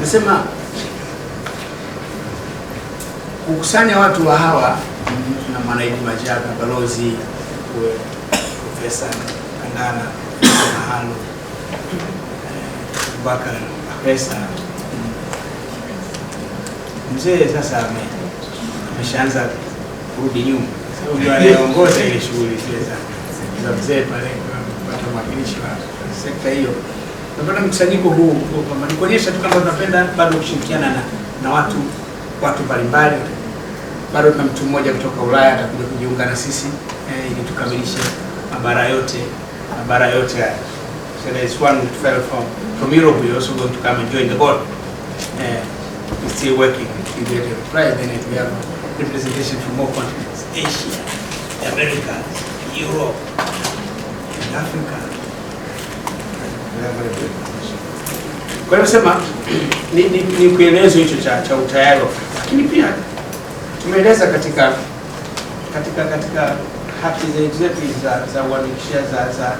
nasema kukusanya watu wa hawa na Mwanaidi Majaka, balozi Profesa Kandana Mahalo, Abubakar apesa mzee sasa ameshaanza kurudi nyuma, sababu ndio anayeongoza ile shughuli za mzee pale, kupata mwakilishi wa sekta hiyo. Tunapenda mkusanyiko huu kwamba ni kuonyesha tu kwamba tunapenda bado kushirikiana na, na watu watu mbalimbali. Bado tuna mtu mmoja kutoka Ulaya atakuja kujiunga na sisi eh, ili tukamilishe mabara yote mabara yote haya. So there is one who fell from from Europe who also going to come and join the board. Eh, we still working to get a prize then we have representation from more continents Asia, America, Europe and Africa. Kwa hiyo sema ni, ni, ni kuelezo hicho cha, cha utayari, lakini pia tumeeleza katika katika katika hati zetu zetu za za uandikishaji za, za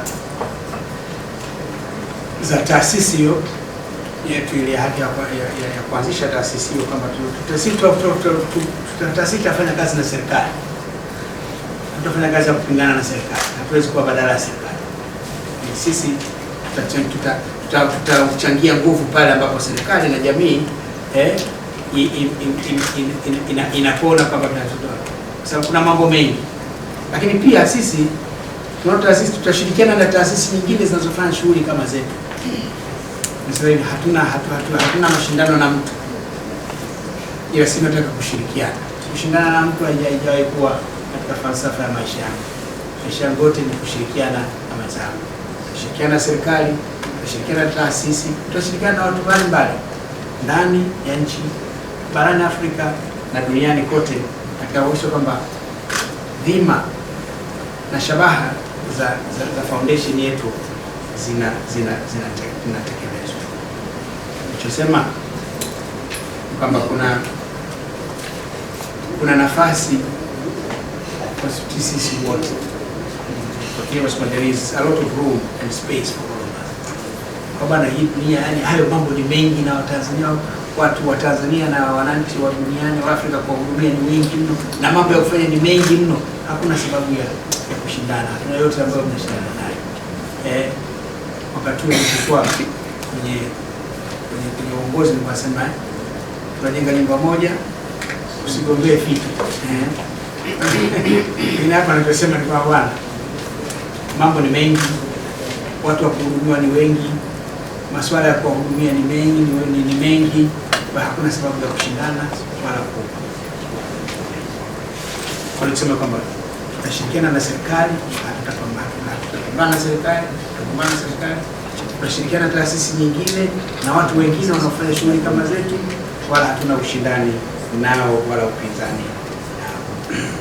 za taasisi hiyo yetu ile hati ya kuanzisha taasisi hiyo kwamba taasisi itafanya kazi na serikali, tutafanya kazi ya kupingana na serikali, hatuwezi kuwa badala ya serikali. Sisi tutachangia tuta, nguvu pale ambapo serikali na jamii eh, inapona kwamba tunatoa, kwa sababu kuna mambo mengi, lakini pia sisi taasisi, tutashirikiana na taasisi nyingine zinazofanya shughuli kama zetu. Hivi hatuna hatu, hatu, hatuna mashindano na mtu, ila si nataka kushirikiana. Kushindana na mtu haijawahi kuwa katika falsafa ya maisha yangu. Maisha yangu yote ni kushirikiana na wenzangu tutashirikiana na serikali, tutashirikiana na taasisi, tutashirikiana na watu mbalimbali ndani ya nchi, barani Afrika na duniani kote, katika kuhakikisha kwamba dhima na shabaha za, za, za foundation yetu zinatekelezwa zina, zina, zina nachosema kwamba kuna kuna nafasi kwa sisi wote Years, there is a lot of room and space for all of us. Kwa bana hii dunia, yani hayo mambo ni mengi, na Watanzania watu wa Tanzania na wananchi wa duniani wa Afrika kwa hudumia ni wengi mno, na mambo ya kufanya ni mengi mno. Hakuna sababu ya, ya kushindana, hatuna yote ambayo mnashindana nayo. Eh, wakati huo nilikuwa kwenye kwenye kwenye uongozi nikasema, eh, tunajenga nyumba moja, usigombee fito eh. Hapa nachosema ni kwa mambo ni mengi, watu wa kuhudumiwa ni wengi, masuala ya kuwahudumia ni mengi ni, ni mengi, hakuna sababu za kushindana wala ku walisema kwamba tutashirikiana na serikali, tutapambana na serikali, tutapambana serikali, tutashirikiana na taasisi nyingine na watu wengine wanaofanya shughuli kama zetu, wala hatuna ushindani nao wala upinzani nao.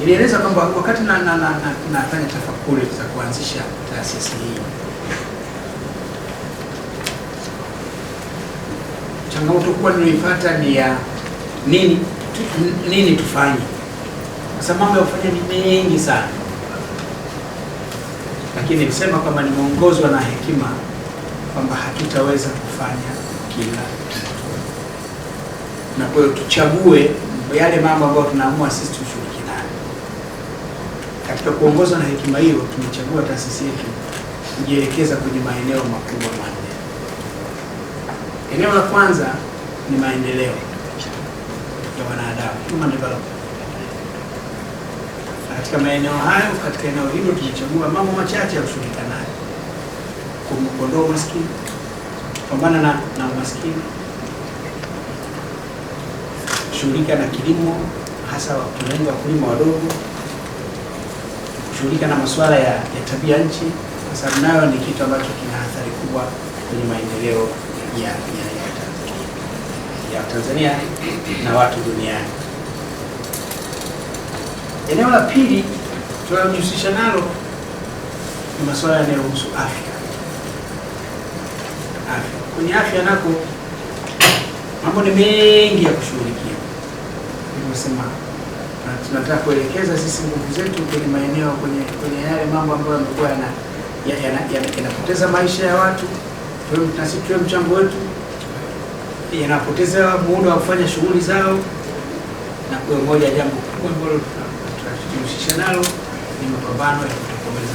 Nilieleza kwamba wakati na nafanya na, na, na tafakuri za kuanzisha taasisi hii, changamoto kubwa niliyoipata ni ya nini tu, nini tufanye, kwa sababu mambo ya kufanya ni mengi sana, lakini nilisema kwamba nimeongozwa na hekima kwamba hatutaweza kufanya kila kitu, na kwa hiyo tuchague yale mambo ambayo tunaamua sisi katika kuongozwa na hekima hiyo, tumechagua taasisi yetu kujielekeza kwenye maeneo makubwa manne. Eneo la kwanza ni maendeleo ya wanadamu, human development. Katika maeneo hayo, katika eneo hilo tumechagua mambo machache ya kushughulika nayo: kuondoa umaskini, kupambana na, na umaskini, kushughulika na kilimo, hasa tunalenga wakulima wadogo kushughulika na masuala ya, ya tabia nchi, kwa sababu nayo ni kitu ambacho kina athari kubwa kwenye maendeleo ya, ya, ya, Tanzania, ya Tanzania na watu duniani. Eneo la pili tunalojihusisha nalo ni masuala yanayohusu afya. Afya, kwenye afya nako mambo ni mengi ya kushughulikia, nimesema na tunataka kuelekeza sisi nguvu zetu kwenye maeneo kwenye kwenye yale mambo ambayo yamekuwa yanapoteza maisha ya watu, na sisi tuwe mchango wetu, yanapoteza muundo wa kufanya shughuli zao, na kwa moja jambo kubwa ambalo tunajihusisha nalo ni mapambano ya kutokomeza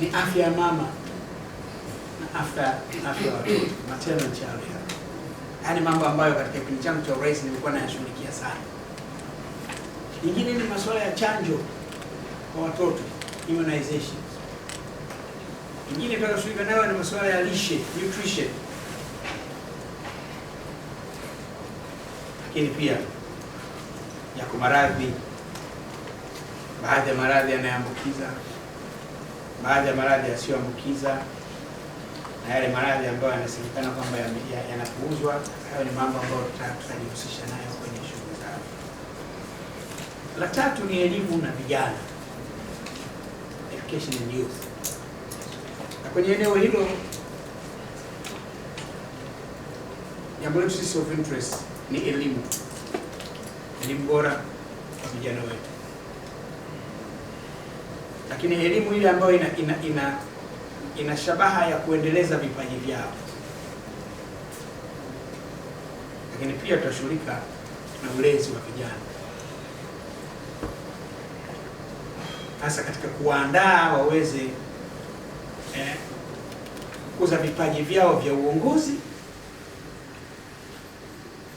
ni afya ya mama na afya afya ya watoto maternal child yaani mambo ambayo katika kipindi changu cha urais nilikuwa nayashughulikia sana. Nyingine ni masuala ya chanjo kwa watoto immunization. Nyingine tunashughulika nayo ni masuala ya lishe nutrition, lakini pia yako maradhi, baadhi ya maradhi yanayoambukiza, baadhi ya maradhi yasiyoambukiza na yale maradhi ambayo yanasemekana kwamba yanapuuzwa. Hayo ni mambo ambayo tutajihusisha nayo kwenye la tatu ni elimu na vijana, education and youth. Na kwenye eneo hilo jambo letu sisi of interest ni elimu, elimu bora kwa vijana wetu, lakini elimu ile ambayo ina, ina, ina, ina shabaha ya kuendeleza vipaji vyao, lakini pia tutashughulika na ulezi wa vijana. hasa katika kuwaandaa waweze eh, kukuza vipaji vyao vya uongozi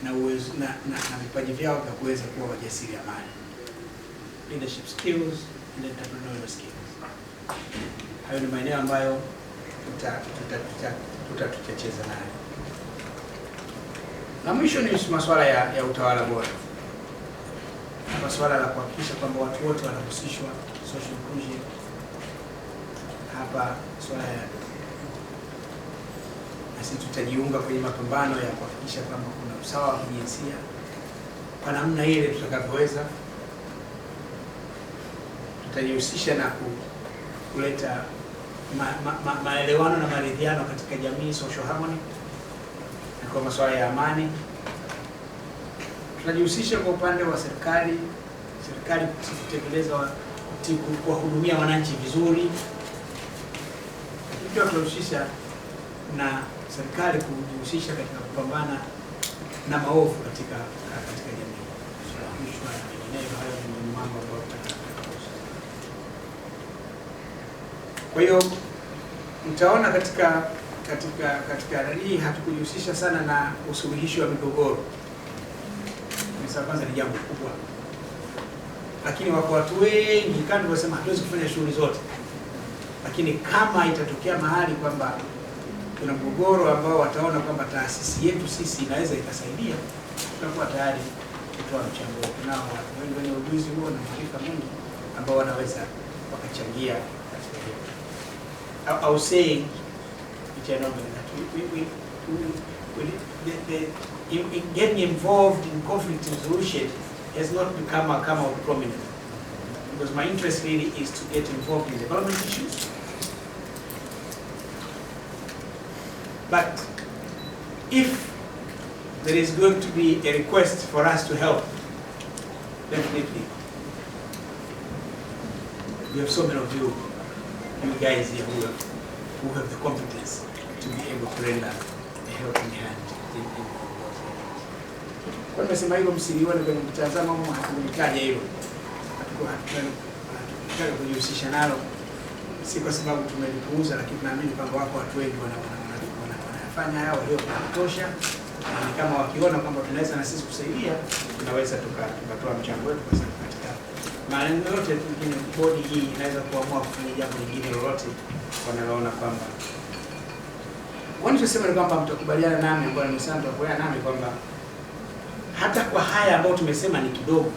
na, uwezo, na, na, na vipaji vyao vya kuweza kuwa wajasiriamali leadership skills and entrepreneurial skills. Hayo ni maeneo ambayo tutatuchacheza nayo, na mwisho ni masuala ya, ya utawala bora masuala la kuhakikisha kwamba watu wote wanahusishwa social inclusion hapa swala ya nasi tutajiunga kwenye mapambano ya kuhakikisha kwamba kuna usawa wa kijinsia kwa namna ile tutakavyoweza. Tutajihusisha na kuleta ma, ma, ma, maelewano na maridhiano katika jamii, social harmony, na kwa masuala ya amani. Tunajihusisha kwa upande wa serikali, serikali kutekeleza kuwahudumia wananchi vizuri, pia tunahusisha na serikali kujihusisha katika kupambana na maovu katika katika jamii, rushwa na mengineyo. Hayo ni mambo ambayo kwa hiyo mtaona katika katika katika hii hatukujihusisha sana na usuluhishi wa migogoro. Kwanza ni jambo kubwa lakini wako watu wengi kando, wasema hatuwezi kufanya shughuli zote, lakini kama itatokea mahali kwamba kuna mgogoro ambao wataona kwamba taasisi yetu sisi inaweza ikasaidia, tutakuwa tayari kutoa mchango wetu. watu wengi wenye ujuzi huo na maarifa mengi ambao wanaweza wakachangia katika Au which I know that we, we, we, we, we, the, the, in, in getting involved in conflict resolution has not become a come out prominent because my interest really is to get involved in development issues. But if there is going to be a request for us to help, definitely. We have so many of you, you guys here who have, who have the competence to be able to render a helping hand Kwa nimesema hilo msilione kwenye mtazamo mama hatukulitaja hilo. Hatutaka kujihusisha nalo. Si kwa sababu tumelipuuza, lakini naamini kwamba wako watu wengi wanafanya haya walio kutosha. Na kama wakiona kwamba tunaweza na sisi kusaidia, tunaweza tukatoa mchango wetu kwa sababu katika malengo yote mengine bodi hii inaweza kuamua kufanya jambo lingine lolote wanaloona kwamba wanachosema ni kwamba mtakubaliana nami, ambayo nimesema mtakubaliana nami kwamba hata kwa haya ambayo tumesema ni kidogo,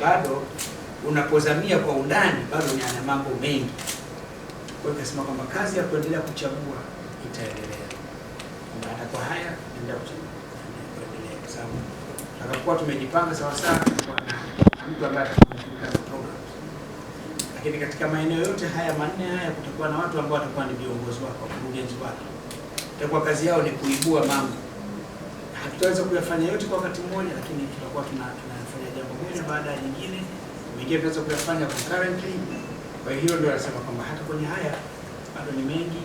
bado unapozamia kwa undani, bado ni ana mambo mengi. Kwa hiyo kasema kwamba kazi ya kuendelea kuchagua itaendelea, kwamba hata kwa haya endelea kuendelea, kwa sababu tutakapokuwa tumejipanga sawa sawa, na mtu ambaye lakini katika maeneo yote haya manne haya kutakuwa na watu ambao watakuwa ni viongozi wako, wakurugenzi wako, itakuwa kazi yao ni kuibua mambo hatutaweza kuyafanya yote kwa wakati mmoja, lakini tutakuwa tunafanya jambo moja baada ya nyingine, mengine tunaweza kuyafanya concurrently. Kwa hiyo ndio anasema kwamba hata kwenye haya bado ni mengi,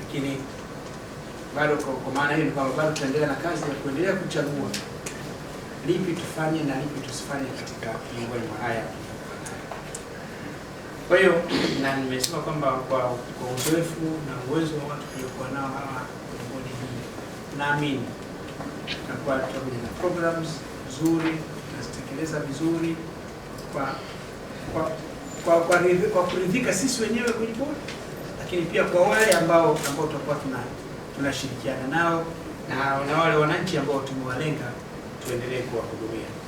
lakini bado kwa maana hiyo ni kwamba bado tunaendelea na kazi ya kuendelea kuchagua lipi tufanye na lipi tusifanye katika miongoni mwa haya. Kwa hiyo na nimesema kwamba kwa uzoefu na uwezo wa watu tuliokuwa nao hawa naamini tutakuwa tutakuja na programs nzuri, tutazitekeleza vizuri kwa kwa kwa, kwa, kwa kuridhika sisi wenyewe kwenye bodi, lakini pia kwa wale ambao ambao tutakuwa tuna tunashirikiana nao na, na wale wananchi ambao tumewalenga tuendelee kuwahudumia.